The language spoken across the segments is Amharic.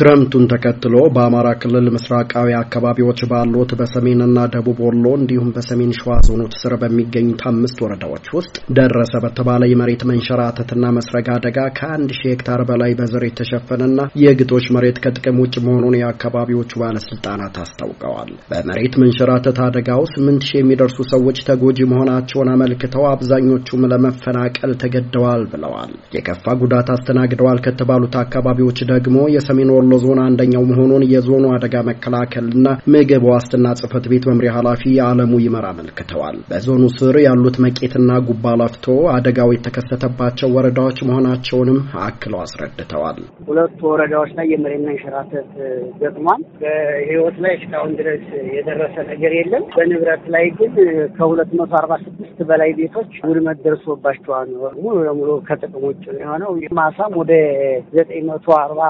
ክረምቱን ተከትሎ በአማራ ክልል ምስራቃዊ አካባቢዎች ባሉት በሰሜንና ደቡብ ወሎ እንዲሁም በሰሜን ሸዋ ዞኖች ስር በሚገኙት አምስት ወረዳዎች ውስጥ ደረሰ በተባለ የመሬት መንሸራተትና መስረግ አደጋ ከአንድ ሺህ ሄክታር በላይ በዘር የተሸፈነና የግጦሽ መሬት ከጥቅም ውጭ መሆኑን የአካባቢዎቹ ባለስልጣናት አስታውቀዋል። በመሬት መንሸራተት አደጋው ስምንት ሺህ የሚደርሱ ሰዎች ተጎጂ መሆናቸውን አመልክተው አብዛኞቹም ለመፈናቀል ተገደዋል ብለዋል። የከፋ ጉዳት አስተናግደዋል ከተባሉት አካባቢዎች ደግሞ የሰሜን ወሎ ወሎ ዞን አንደኛው መሆኑን የዞኑ አደጋ መከላከልና ምግብ ዋስትና ጽህፈት ቤት መምሪያ ኃላፊ አለሙ ይመር አመልክተዋል። በዞኑ ስር ያሉት መቄትና ጉባ ላፍቶ አደጋው የተከሰተባቸው ወረዳዎች መሆናቸውንም አክለው አስረድተዋል። ሁለቱ ወረዳዎች ላይ የመሬት መንሸራተት ገጥሟል። በህይወት ላይ እስካሁን ድረስ የደረሰ ነገር የለም። በንብረት ላይ ግን ከሁለት መቶ አርባ ስድስት ከሁለት በላይ ቤቶች ውድመት ደርሶባቸዋል። ሙሉ ለሙሉ ከጥቅም ውጭ የሆነው ማሳም ወደ ዘጠኝ መቶ አርባ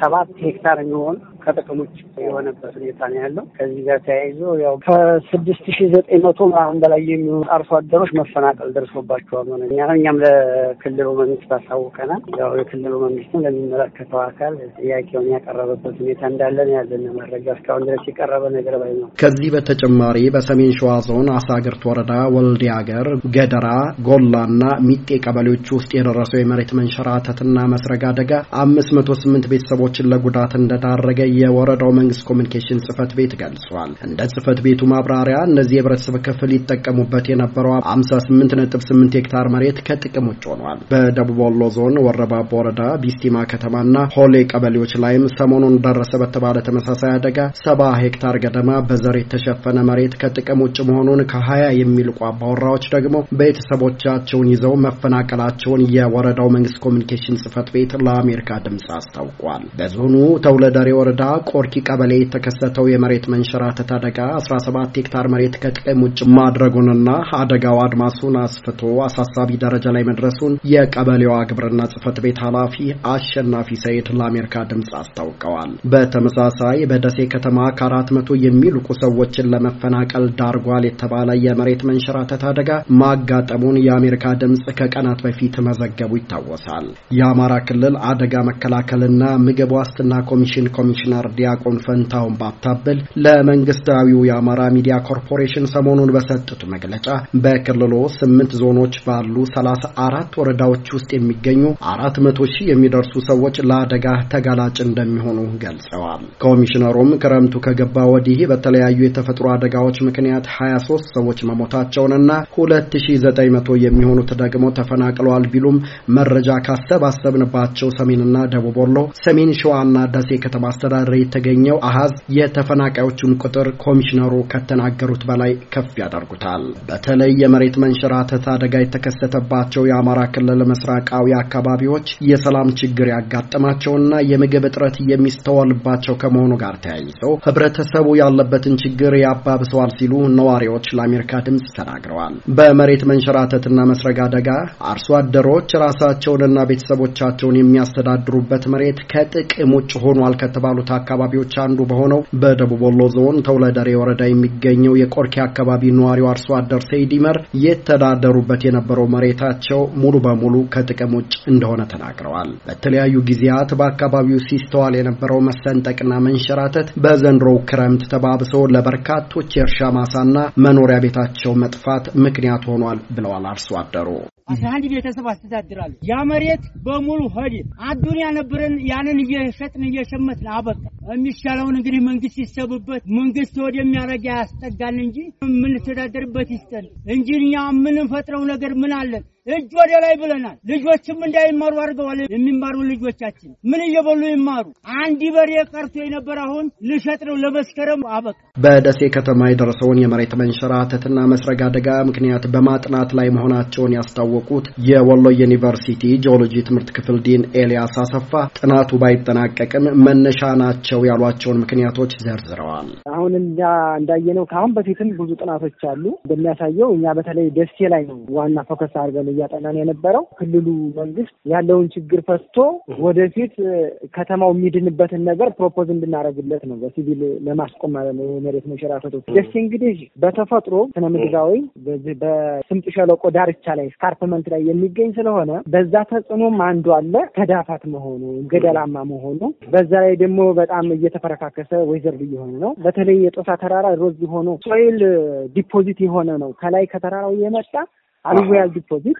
ሰባት ሄክታር የሚሆን ከጥቅም ውጭ የሆነበት ሁኔታ ነው ያለው። ከዚህ ጋር ተያይዞ ያው ከስድስት ሺ ዘጠኝ መቶ አሁን በላይ የሚሆኑ አርሶ አደሮች መፈናቀል ደርሶባቸዋል። ሆነ እኛም ለክልሉ መንግስት አሳውቀናል። ያው የክልሉ መንግስትም ለሚመለከተው አካል ጥያቄውን ያቀረበበት ሁኔታ እንዳለ ነው ያለን መረጃ። እስካሁን ድረስ የቀረበ ነገር ባይ ነው። ከዚህ በተጨማሪ በሰሜን ሸዋ ዞን አሳግርት ወረዳ ወልዲ ሀገር፣ ገደራ፣ ጎላና ሚጤ ቀበሌዎች ውስጥ የደረሰው የመሬት መንሸራተትና መስረግ አደጋ አምስት መቶ ስምንት ቤተሰቦችን ለጉዳት እንደዳረገ የወረዳው መንግስት ኮሚኒኬሽን ጽህፈት ቤት ገልጿል። እንደ ጽህፈት ቤቱ ማብራሪያ እነዚህ የህብረተሰብ ክፍል ይጠቀሙበት የነበረው 58.8 ሄክታር መሬት ከጥቅም ውጭ ሆኗል። በደቡብ ወሎ ዞን ወረባቦ ወረዳ ቢስቲማ ከተማና ሆሌ ቀበሌዎች ላይም ሰሞኑን ደረሰ በተባለ ተመሳሳይ አደጋ ሰባ ሄክታር ገደማ በዘር የተሸፈነ መሬት ከጥቅም ውጭ መሆኑን ከሀያ የሚልቁ አባወራዎች ደግሞ ቤተሰቦቻቸውን ይዘው መፈናቀላቸውን የወረዳው መንግስት ኮሚኒኬሽን ጽህፈት ቤት ለአሜሪካ ድምፅ አስታውቋል። በዞኑ ተውለደሬ ወረዳ ቆርኪ ቀበሌ የተከሰተው የመሬት መንሸራተት አደጋ 17 ሄክታር መሬት ከጥቅም ውጭ ማድረጉንና አደጋው አድማሱን አስፍቶ አሳሳቢ ደረጃ ላይ መድረሱን የቀበሌዋ ግብርና ጽሕፈት ቤት ኃላፊ አሸናፊ ሰይድ ለአሜሪካ ድምፅ አስታውቀዋል። በተመሳሳይ በደሴ ከተማ ከአራት መቶ የሚልቁ ሰዎችን ለመፈናቀል ዳርጓል የተባለ የመሬት መንሸራተት አደጋ ማጋጠሙን የአሜሪካ ድምፅ ከቀናት በፊት መዘገቡ ይታወሳል። የአማራ ክልል አደጋ መከላከልና ምግብ ዋስትና ኮሚሽን ኮሚሽን ኮሚሽነር ዲያቆን ፈንታውን ባታብል ለመንግስታዊው የአማራ ሚዲያ ኮርፖሬሽን ሰሞኑን በሰጡት መግለጫ በክልሉ ስምንት ዞኖች ባሉ ሰላሳ አራት ወረዳዎች ውስጥ የሚገኙ አራት መቶ ሺህ የሚደርሱ ሰዎች ለአደጋ ተጋላጭ እንደሚሆኑ ገልጸዋል። ኮሚሽነሩም ክረምቱ ከገባ ወዲህ በተለያዩ የተፈጥሮ አደጋዎች ምክንያት 23 ሰዎች መሞታቸውንና 2900 የሚሆኑት ደግሞ ተፈናቅለዋል ቢሉም መረጃ ካሰባሰብንባቸው ሰሜንና ደቡብ ወሎ፣ ሰሜን ሸዋና ደሴ ከተማ አስተዳደ ሐራሬ የተገኘው አሃዝ የተፈናቃዮቹን ቁጥር ኮሚሽነሩ ከተናገሩት በላይ ከፍ ያደርጉታል። በተለይ የመሬት መንሸራተት አደጋ የተከሰተባቸው የአማራ ክልል ምስራቃዊ አካባቢዎች የሰላም ችግር ያጋጠማቸውና የምግብ እጥረት የሚስተዋልባቸው ከመሆኑ ጋር ተያይዘው ህብረተሰቡ ያለበትን ችግር ያባብሰዋል ሲሉ ነዋሪዎች ለአሜሪካ ድምፅ ተናግረዋል። በመሬት መንሸራተትና መስረግ አደጋ አርሶ አደሮች ራሳቸውንና ቤተሰቦቻቸውን የሚያስተዳድሩበት መሬት ከጥቅም ውጭ ሆኗል ከተባሉት ከነበሩት አካባቢዎች አንዱ በሆነው በደቡብ ወሎ ዞን ተውለደሬ ወረዳ የሚገኘው የቆርኬ አካባቢ ነዋሪው አርሶ አደር ሰይዲመር የተዳደሩበት የነበረው መሬታቸው ሙሉ በሙሉ ከጥቅም ውጭ እንደሆነ ተናግረዋል። በተለያዩ ጊዜያት በአካባቢው ሲስተዋል የነበረው መሰንጠቅና መንሸራተት በዘንድሮው ክረምት ተባብሶ ለበርካቶች የእርሻ ማሳና መኖሪያ ቤታቸው መጥፋት ምክንያት ሆኗል ብለዋል አርሶ አደሩ። አስራ አንድ ቤተሰብ አስተዳድራለሁ። ያ መሬት በሙሉ ሆዴ አዱን ያነበረን ያንን እየሸጥን እየሸመትን አበቃ። የሚሻለውን እንግዲህ መንግስት ይሰቡበት። መንግስት ወደሚያረጃ ያስጠጋል እንጂ የምንተዳደርበት ይስጠን እንጂ እኛ የምንፈጥረው ነገር ምን አለን? እጅ ወደ ላይ ብለናል። ልጆችም እንዳይማሩ አድርገዋል። የሚማሩ ልጆቻችን ምን እየበሉ ይማሩ? አንድ በሬ ቀርቶ የነበረ አሁን ልሸጥ ነው ለመስከረም አበቃ። በደሴ ከተማ የደረሰውን የመሬት መንሸራተትና መስረግ አደጋ ምክንያት በማጥናት ላይ መሆናቸውን ያስታወቁት የወሎ ዩኒቨርሲቲ ጂኦሎጂ ትምህርት ክፍል ዲን ኤልያስ አሰፋ ጥናቱ ባይጠናቀቅም መነሻ ናቸው ናቸው ያሏቸውን ምክንያቶች ዘርዝረዋል። አሁን እኛ እንዳየነው ከአሁን በፊትም ብዙ ጥናቶች አሉ እንደሚያሳየው እኛ በተለይ ደሴ ላይ ነው ዋና ፎከስ አድርገን እያጠናን የነበረው ክልሉ መንግስት ያለውን ችግር ፈትቶ ወደፊት ከተማው የሚድንበትን ነገር ፕሮፖዝ እንድናደርግለት ነው በሲቪል ለማስቆም ማለት ነው። የመሬት መንሸራተቱ ደሴ እንግዲህ በተፈጥሮ ስነ ምድራዊ በዚህ በስምጥ ሸለቆ ዳርቻ ላይ ስካርፕመንት ላይ የሚገኝ ስለሆነ በዛ ተጽዕኖም አንዱ አለ ተዳፋት መሆኑ ገደላማ መሆኑ በዛ ላይ ደግሞ በጣም እየተፈረካከሰ ወይዘር እየሆነ ነው። በተለይ የጦሳ ተራራ ሮዝ የሆኑ ሶይል ዲፖዚት የሆነ ነው። ከላይ ከተራራው የመጣ አሉቪያል ዲፖዚት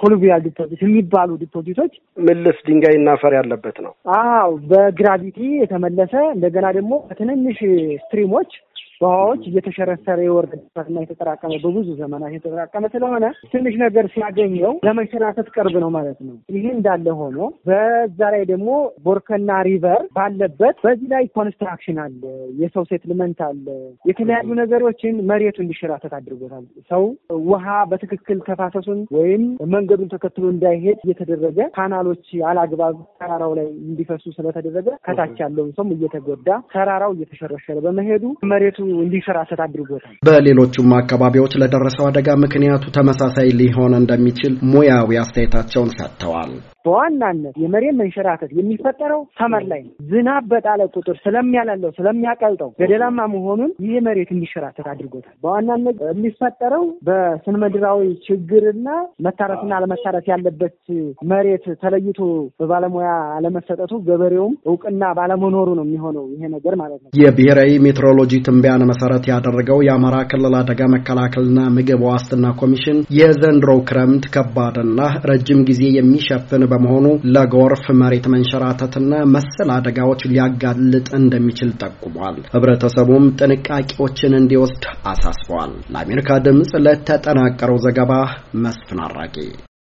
ኮሉቪያል ዲፖዚት የሚባሉ ዲፖዚቶች ምልስ ድንጋይና አፈር ያለበት ነው። አዎ በግራቪቲ የተመለሰ እንደገና ደግሞ በትንንሽ ስትሪሞች ውሃዎች እየተሸረሰረ የወረደበትና የተጠራቀመ በብዙ ዘመናት የተጠራቀመ ስለሆነ ትንሽ ነገር ሲያገኘው ለመንሸራተት ቅርብ ነው ማለት ነው። ይህ እንዳለ ሆኖ በዛ ላይ ደግሞ ቦርከና ሪቨር ባለበት በዚህ ላይ ኮንስትራክሽን አለ፣ የሰው ሴትልመንት አለ። የተለያዩ ነገሮችን መሬቱ እንዲሸራተት አድርጎታል። ሰው ውሃ በትክክል ተፋሰሱን ወይም መንገዱን ተከትሎ እንዳይሄድ እየተደረገ ካናሎች አላግባብ ተራራው ላይ እንዲፈሱ ስለተደረገ ከታች ያለውን ሰውም እየተጎዳ ተራራው እየተሸረሸረ በመሄዱ መሬቱ እንዲሰራ ሰት አድርጎታል። በሌሎቹም አካባቢዎች ለደረሰው አደጋ ምክንያቱ ተመሳሳይ ሊሆን እንደሚችል ሙያዊ አስተያየታቸውን ሰጥተዋል። በዋናነት የመሬት መንሸራተት የሚፈጠረው ሰመር ላይ ነው። ዝናብ በጣለ ቁጥር ስለሚያላለው ስለሚያቀልጠው ገደላማ መሆኑን ይህ መሬት እንዲሸራተት አድርጎታል። በዋናነት የሚፈጠረው በስነ ችግርና መታረትና አለመታረፍ ያለበት መሬት ተለይቶ በባለሙያ አለመሰጠቱ ገበሬውም እውቅና ባለመኖሩ ነው የሚሆነው ይሄ ነገር ማለት ነው። የብሔራዊ ሜትሮሎጂ ትንበያ ትንበያን መሰረት ያደረገው የአማራ ክልል አደጋ መከላከልና ምግብ ዋስትና ኮሚሽን የዘንድሮ ክረምት ከባድና ረጅም ጊዜ የሚሸፍን በመሆኑ ለጎርፍ፣ መሬት መንሸራተትና መሰል አደጋዎች ሊያጋልጥ እንደሚችል ጠቁሟል። ህብረተሰቡም ጥንቃቄዎችን እንዲወስድ አሳስቧል። ለአሜሪካ ድምፅ ለተጠናቀረው ዘገባ መስፍን አራጌ